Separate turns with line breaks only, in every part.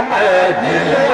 الحادي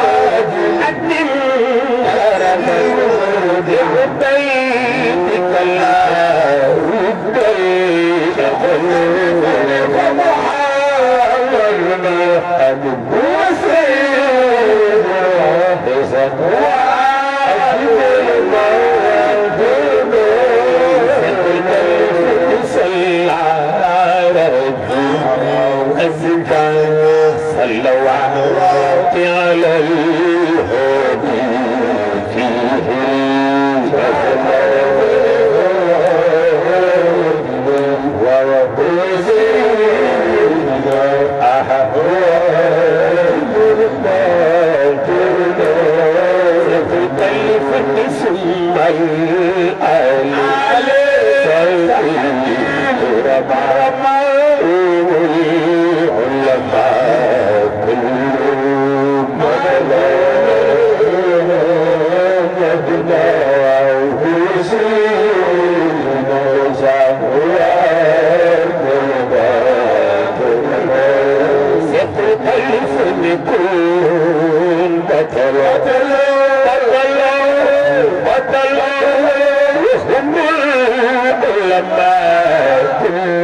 محمد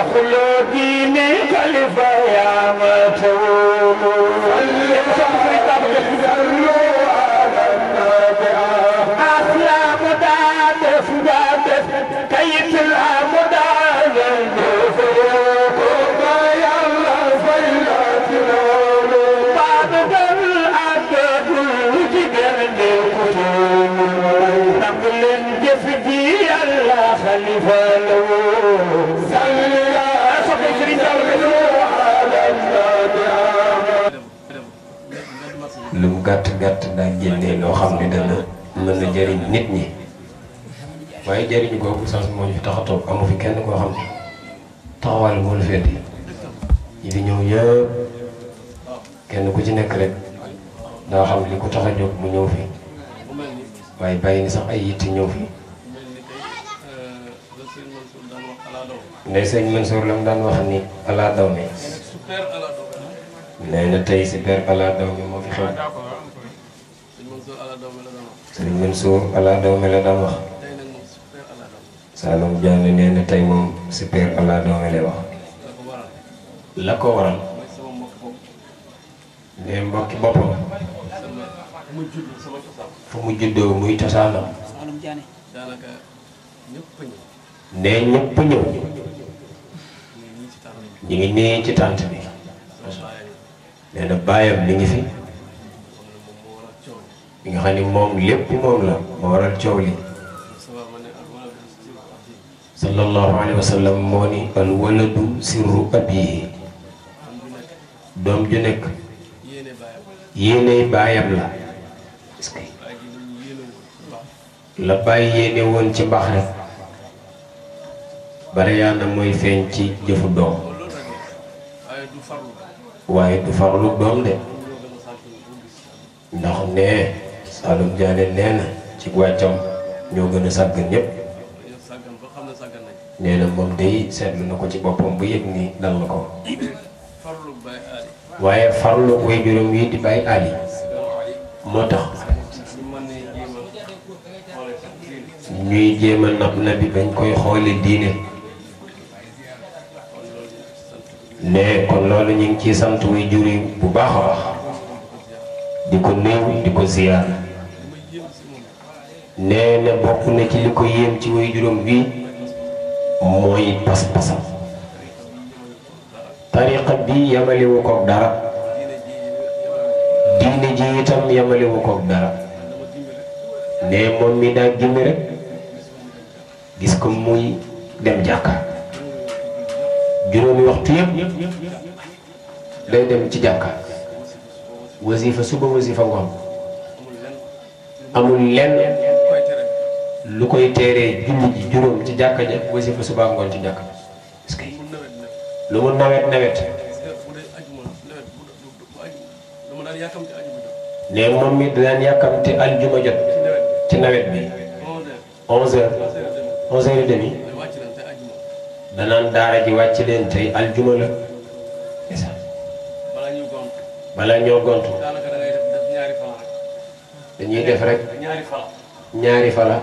مخلوقين خلف يا متولو أسلام دادف دادف كيت الأمدان خليفة لو
gàtt gàtt daa génnee loo xam ne dana mën a jëriñ nit ñi waaye jëriñ boobu sax moo ñu fi tax a toog amu fi kenn koo xam ne taxawaale moo la yi ñi ñëw ñëpp kenn ku ci nekk rek daa xam li ko tax a jóg mu ñëw fi waaye bàyyi ni sax ay yitte ñëw fi ndey sëñ Mansour la mu daan wax ni alaa daw mi nee na tey si per alaa daw mi moo fi xew sëriñ Mansour allah doome la daan wax Saloum Diané nee na tey moom si père allah la ko waral
nee mbokki boppam fu mu juddoo muy
tasaanam nee ñëpp ñëw ñu ngi nee ci tànt bi nee baayam mi ngi fi nga xam ni moom lépp moom la moo waral coow li sallallahu alayhi wa sallam moo ni al waladu sirru abihi doom ju nekk yéeney baayam la la bàyyi yéene woon ci mbaax rek bare yaa na mooy feeñ ci jëfu doom waaye du farlu doom de ndax ne Saalum Diané nee na ci wàccam ñoo gën a sàggan ñëpp nee na moom day seetlu na ko ci boppam bu yëg ni dal na ko waaye farlu way juróom yi di bàyyi ali moo tax ñuy jéem a nab na bi bañ koy xoole diine ne kon loolu ñu ngi ciy sant way juri bu baax a baax di ko néew di nee na bokk na ci li ko yéem ci way juróom bi mooy pas-pasam tariqa bi yamalewu koog dara diine ji itam yamalewu koog dara nee moom mi daa génn gis ko muy dem jàkka juróomi waxtu yëpp day dem ci jàkka wasifa suba wasifa ngoon amul lenn lu koy teeree julli ji juróom ci jàkka ja wasifa suba ngoon ci jàkka parce que lu mu nawet nawet ne moom mi daan yàkkamte aljuma jot ci nawet bi onze heures onze heures demi danaan daara ji wàcc leen tey aljuma la
balaa ñoo gontu
dañuy def rek ñaari fala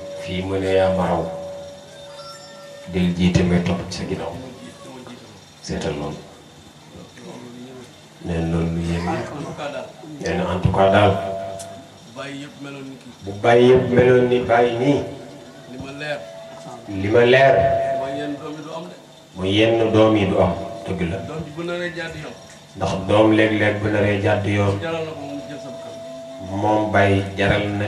kii mu ne yaa ma raw jiite may topp sa ginnaaw seetal loolu neen loolu lu yéeme nee na daal bu bàyyi yëpp meloon ni bàyyi nii
li ma leer mooy yenn doom yi du am dëgg la ndax doom léeg-léeg bu naree jàdd yoon
moom bàyyi jaral na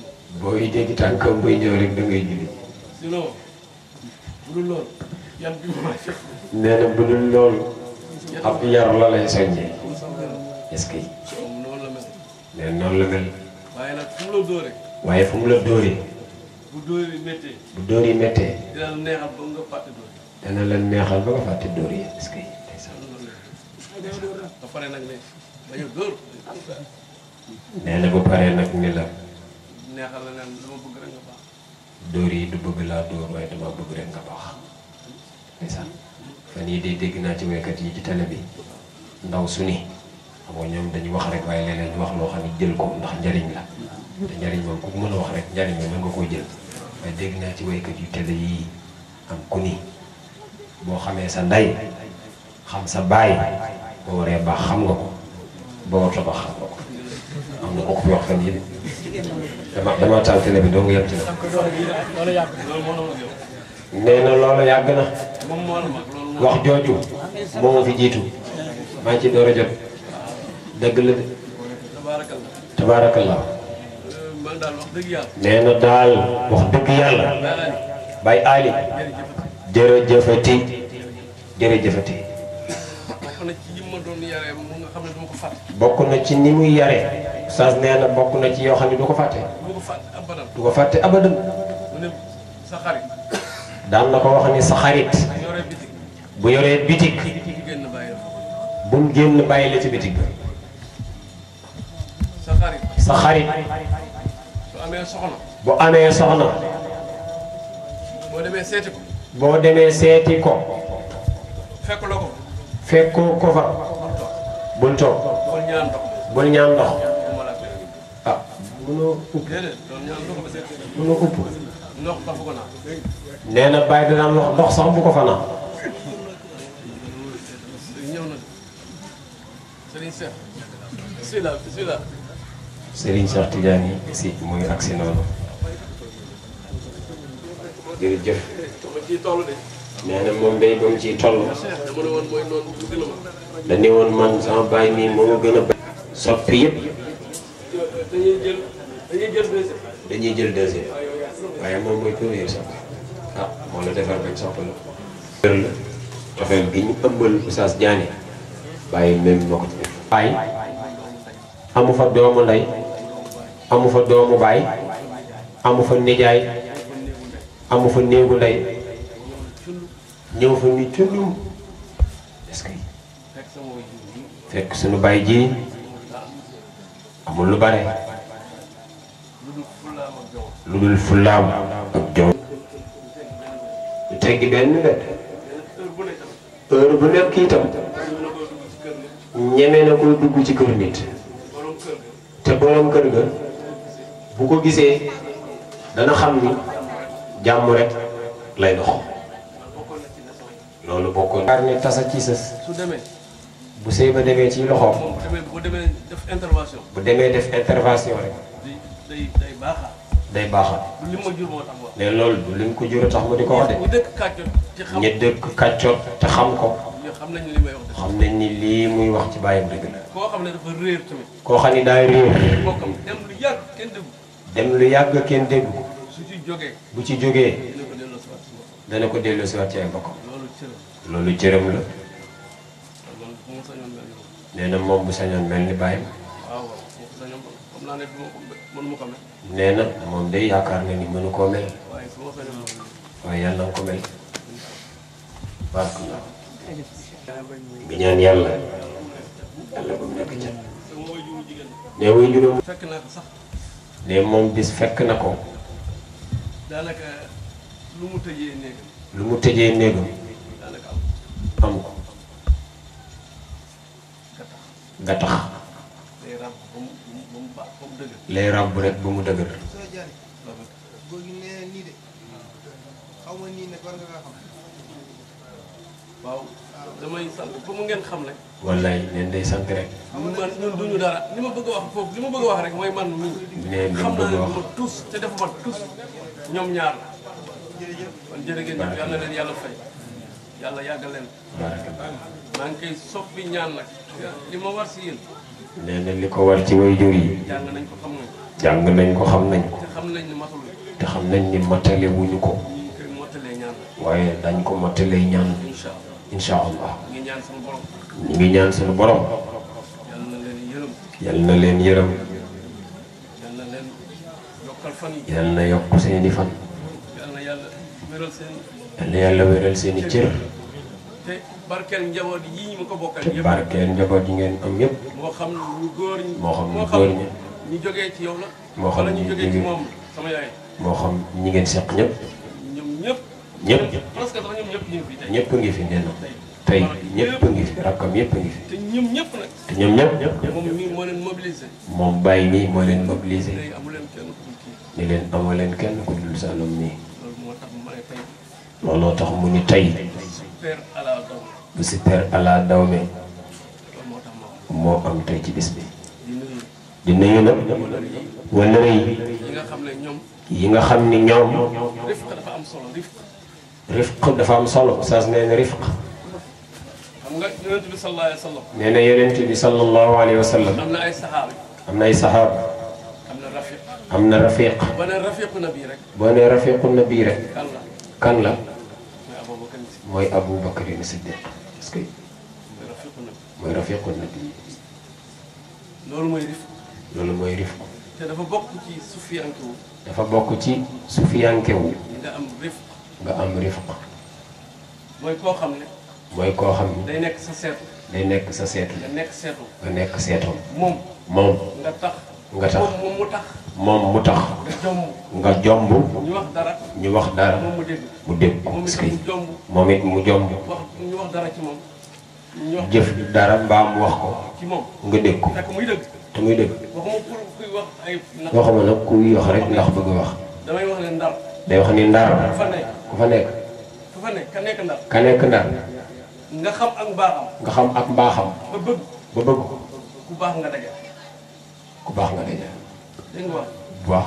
booy dégg tànkam buy ñëw rek da ngay julli. sinon
budul lool yan bi ab yar la lay soññee. est-ce que. noonu la mel. waaye nag la dóoree.
waaye fu la dóoree. bu dóor yi. dana la neexal ba nga fàtte dóor yi est-ce que. ba pare a na bu paree nag ni la. neexal la naan dama bëgg rek nga baax dóor yi du bëgg laa dóor waaye dama bëgg rek nga baax ndeysaan fan yii dee dégg naa ci waykat yi ci télé bi ndaw su ni xam ñoom dañu wax rek waaye leneen wax loo xam ne jël ko ndax njariñ la te njariñ moom ku mën a wax rek njariñ la mën nga koo jël waaye dégg naa ci waykat yu télé yi am ku ni boo xamee sa ndey xam sa baay boo waree baax xam nga ko boo warta baax xam nga ko am na ko ko wax fan yii dama dama taal télé bi doo nga yem ci
la
nee loolu yàgg na wax jooju moo ma fi jiitu maa ci door a jot dëgg la de tabaarakallaa nee na daal wax dëgg yàlla bay Ali jërëjëfati jërëjëfati bokk na ci ni muy yare Oustaz nee bokk na ci yoo xam ne du ko fàtte. du ko fàtte abadan du fàtte abadan. sa xarit. daan na ko wax ni sa xarit. bu yoree bitig. bu mu génn bàyyi la ci bitig.
sa xarit sa xarit.
bu amee soxna.
bu boo demee seeti ko.
boo demee seeti ko. fekkuloo ko. fa. bul toog bul ñaan ndox.
mënoo upp mënoo upp
nee na bàyyi danaan lox ndox sax bu ko fa naan Serigne Cheikh Tidiane si mu agsi noonu jërëjëf nee na moom day ba mu ciy toll woon man sama bàyyi nii moo gën a soppi yëpp dañuy jël deuxième. waaye moom mooy premier sax ah moo la defar bañ soxla la. dëgg la cofeel bi ñu ëmbal Oustaz Diané bàyyi même moo ko fa doomu baay amu bàyyi amul lu bare. lu dul fullaam ak jom du teggi benn wet bu nekk itam ñeme na koy dugg ci kër nit te borom kër ga bu ko gisee dana xam ni jàmm rek lay dox loolu bokkoon yaar ne tasa ci sës bu sëy ba demee ci loxoom bu demee def intervention rek day baaxal.
du lim ma jur moo tax
loolu du lim ko jur tax mu di ko wax de. ñi dëkk kàccoot te xam ñi dëkk te xam ko. xam nañ xam nañ ni lii muy wax ci bàyyam dëgg la.
koo xam ne dafa tamit.
koo xam ne daay réer. bokkam dem lu yàgg kenn déggu. dem su ci bu ci jógee. dana
ko delloosiwaat
ci ay bokkam. loolu cëram la. nee na moom bu sañoon mel ni bàyyam. nee na moom day yaakaar na ni mënu koo mel waaye yàlla nga ko mel baax na ñaan yàlla yàlla ba mu nekk ca moom bis fekk na ko
daanaka lu mu
lu mu tëjee néegam am ko gattax
lay ràbb rek ba mu dëgër
waaw damay sant ba mu ngeen xam rek.
wallaay neen day sant rek.
man ñu duñu dara li ma bëgg wax foofu li ma bëgg wax rek mooy man mii.
neen li ma bëgg a wax
xam naa ne te dafa ma tous ñoom ñaar la. kon jërëjëf ñoom yàlla leen yàlla fay. yàlla yàggal leen. soppi ñaan la li ma war si yéen. nee li ko
war ci wayjur yi jàng nañ ko xam nañ ko te xam nañ ni matale wuñu ko waaye dañ ko matale ñaan incha allah ñu ngi ñaan sunu borom yal na leen yërëm yal na yokk seeni fan yal na yàlla wéral seeni cër barkeel njaboot yi ma ko bokkal yëpp barkeel njaboot yi ngeen am yëpp moo xam ñu góor ñi moo xam ñu ñi ñu
jógee ci yow la
moo xam ñu jógee moom sama moo xam ñi ngeen seq ñëpp
ñoom ñëpp ñëpp presque sax ñoom ñëpp ñu ngi fi tey ñëpp ñëpp ngi
fi rakkam yëpp ngi fi te ñoom ñëpp nag te ñoom ñëpp moom leen mobilisé moom bàyyi nii moo leen mobilisé ni leen amoo leen kenn ku dul Saloum nii looloo tax mu ni tey لوسيفر على دومي مو ام تاي دنيا بيسبي دي نيو لا
ولا ري ييغا خامني نيوم
ييغا خامني نيوم
رفق دا فا ام صولو رفق
رفق دا فا ام صولو استاذ نين رفق
امغا يونتبي صلى الله عليه وسلم
نينا يونتبي صلى الله عليه وسلم
امنا اي صحابي
امنا اي صحاب
امنا رفيق
امنا رفيق
بني رفيق النبي رك
بني رفيق النبي رك كان لا موي ابو بكر الصديق
est-ce
que
mooy rafiqu nabi
loolu mooy rif loolu mooy rif te dafa bokk ci sufiyanke wu
dafa bokk ci sufiyanke wu am rif am rif
mooy koo xam ne mooy koo xam ne day nekk sa seetu
day nekk sa seetu nga nekk seetu nga nekk seetu
moom moom nga tax nga tax
moom mu tax nga jomb ñu wax dara mu dégg moom it mu jomb jëf dara mbaa mu wax ko nga dégg ko te muy dégg
waxuma nag kuy wax rek ndax bëgg wax day wax ni ndara ku fa nekk ka nekk ndar nga xam ak mbaaxam
nga ba bëgg
baax nga ku baax nga dajal dégg nga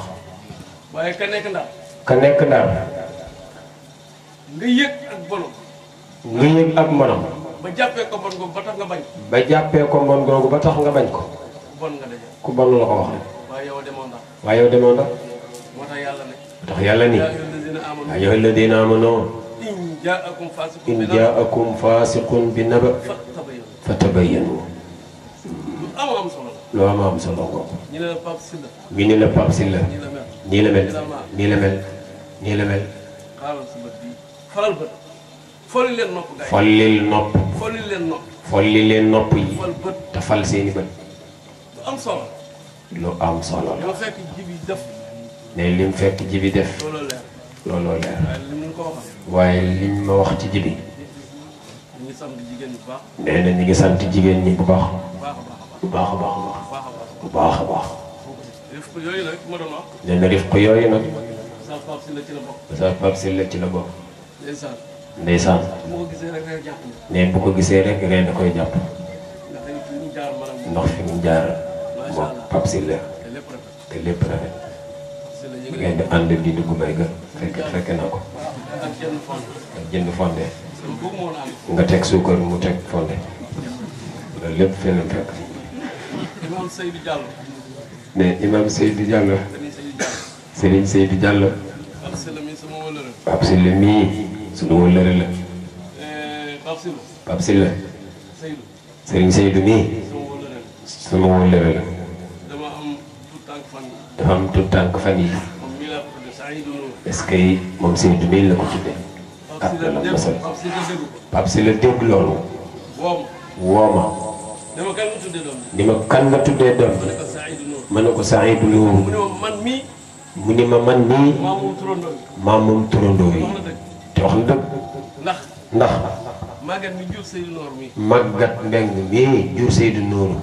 ka nekk ndax. ka nekk ndax. nga yëg ak bonam.
nga yëg ak bonam.
ba jàppee ko bon googu ba
ba jàppee ko bon googu ba tax nga bañ ko. bon ku bon la ko wax. waaye demoon waaye yow demoon ndax. moo tax yàlla ne. moo tax yàlla nii. yaa ayyuha alladina amanu.
in jaakum fasiqun bi naba. in
jaakum bi naba. fa tabayyanu. lu am loolu maa am sa mbokk ñi ne la Pape Sylla ñi
ne la nii la mel
nii la mel
nii nopp folli
leen nopp yi te fal seeni bët lu am solo lu la ne lim fekk jibi def looloo leer waaye liñ ma wax ci jibi nee na ngi sant jigéen ñi bu baax bu baax a baax bu baax a baax. Ah. nee na rifq yooyu nag. sa Pape Sylla ci la bokk. sa Pape Sylla bu ko gisee rek ree da koy jàpp. ndox fi mu jaar moom Pape te lépp rafet. ngeen di ànd di dugg mbay ga fekk fekk na ko ak jënd fonde nga teg suukar mu teg fonde loolu lépp feneen fekk ne imaam Seydou Diallo. Serigne Seydou Diallo. Pape Sylla mii sunu wëllëre la. Eh, Pape Sylla. Serigne Seydou mii. sunu wëllëre la. dafa am tout tànk fan yi est-ce que moom Seydou mii la ko tuddee. ah dana
mos
dégg loolu. wooma. ni ma kan nga tuddee doom ma ne ko Saïdou Lo mu ni ma man nii maam moom yi te wax na dëgg ndax màggat mbeng mii jur Seydou Nourou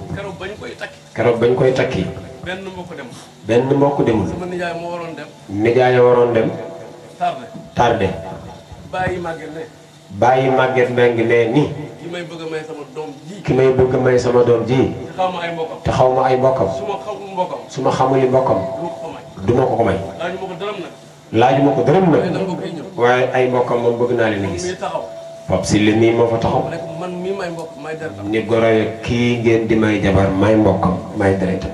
keroog bañ koy takki
benn mbokk
ko benn mbokk nijaay a waroon dem tardé
bàyyi
màgget mbeng ne ni ki may bëgg a may sama doom ji. te xaw ma ay mbokkam. su ma xamul mbokkam. su ma ma ko ko may. laajuma ko dërëm nag. waaye ay mbokkam moom bëgg naa leen a gis. Pape Sylla nii moo fa taxaw. man mii may mbokk may deretam. ni goroye kii ngeen di may jabar may mbokkam may deretam.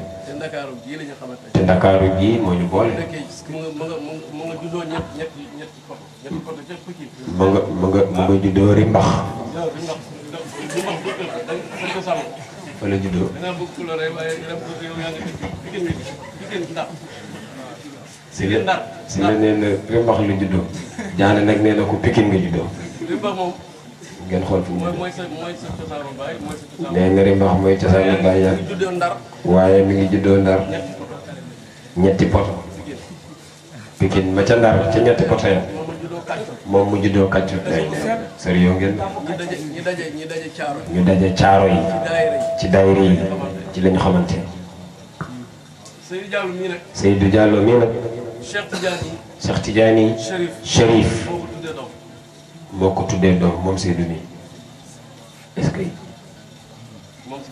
te Ndakaaru gii moo ñu boole. mu nga mu nga mu nga fa la juddoo. si la si Rimbax la juddoo. Diané nag nee na ko Pikine nga juddoo. ngeen xool fu mu nee na Rimbax mooy cosaanu baay yàgg waaye mi ngi juddoo Ndar ñetti poto. Pikine ma ca Ndar ca ñetti pot ya moom mu juddoo kàccut day nekk sori yoo ñu daje caaro yi. ci daayira yi ci la ñu xamante ne.
Seydou Diallo mii nag.
Seydou Diallo mii nag.
Cheikh Tidiane. Cheikh Tidiane. Cherif
Cherif. moo ko tuddee doom mii moom ci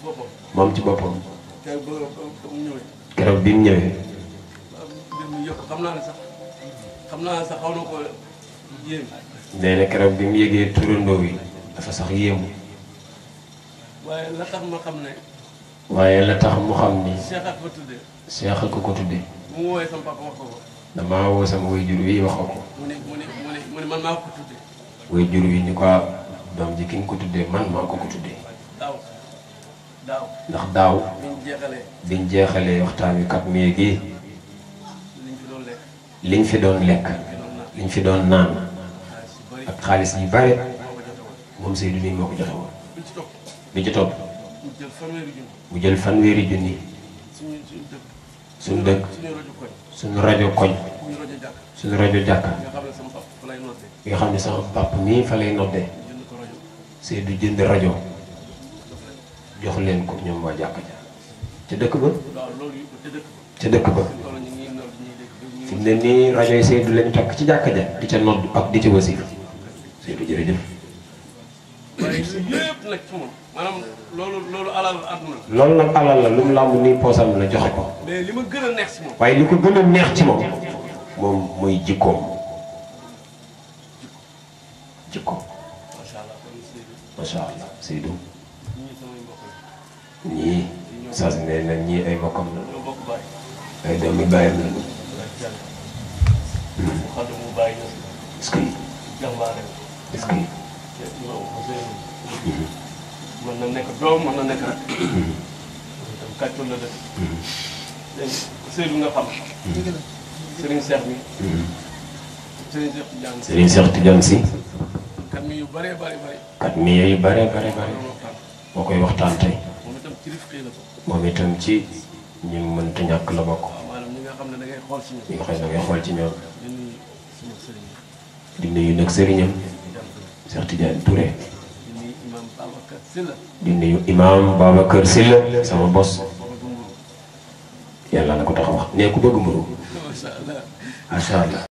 boppam. moom ci mu ñëwee. nee na keroog bi mu yëgee turandoo yi dafa sax yéemu.
waaye la tax xam ne. waaye la tax mu xam ni. Cheikh ak ko tuddee. Cheikh ak ko tuddee. mu woowee sama papa wi wax ko ko. mu ne ko tuddee.
waajur wi ah, doom ji ki nga ko tuddee man maa ko ko tuddee. daaw daaw. ndax daaw. biñ jeexalee. jeexalee waxtaan wi kat mi yëgee. liñ fi doon lekk. liñ fi doon lekk. fi doon naan. ak xaalis yu bare moom seetu Gueye moo ko joxe woon bi ci topp mu jël fanweeri junni
suñu dëkk suñu rajo koñ
suñu rajo jàkka nga xam ne sama papa mii fa lay noddee Seydou jënd rajo jox leen ko ñoom waa jàkka ja ca dëkk ba ca dëkk ba fi mu ne nii rajo yi seetu lañu takk ci jàkk ja di ca nodd ak di ca wasiir sëñ bi jërëjëf.
loolu nag
alal la lu mu làmb nii poosam la joxe ko.
mais li ma gën neex ci
moom. li ko gën a neex ci moom. moom mooy jikkoom. jikkoom. macha allah Seydou. ñii sas ne na ñii ay bokkam la. ay doomi bàyyam la. Hmm.
est-ce que. est ce que. na nekk doom mën na nekk rak. itam kàccul la def. dégg si Serigne
Cheikh Tidiane si. kat mi yu bëree bëri bëri. boo koy waxtaan tey. moom itam ci rifqi la bokk. ci ñi mënta ñàkk la bokk. maanaam ñi nga xam ne da ngay xool ci ñoom. ñi nga xam xool ci ñoom. di nag sëriñam. Sertidane Touré dindi
imam babakar silla sama bos yalla nako taxaw wax ne ko beug muru masallah